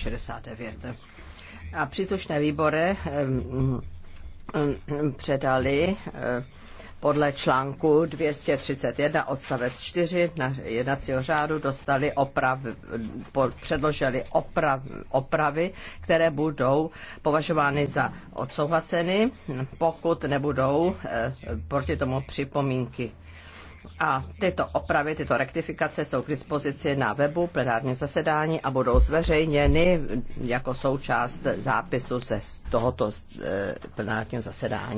69. A příslušné výbory předali eh, podle článku 231 odstavec 4 na jednacího řádu dostali oprav, po, předložili oprav, opravy, které budou považovány za odsouhlaseny, pokud nebudou eh, proti tomu připomínky. A tyto opravy, tyto rektifikace jsou k dispozici na webu plenárního zasedání a budou zveřejněny jako součást zápisu ze tohoto eh, plenárního zasedání.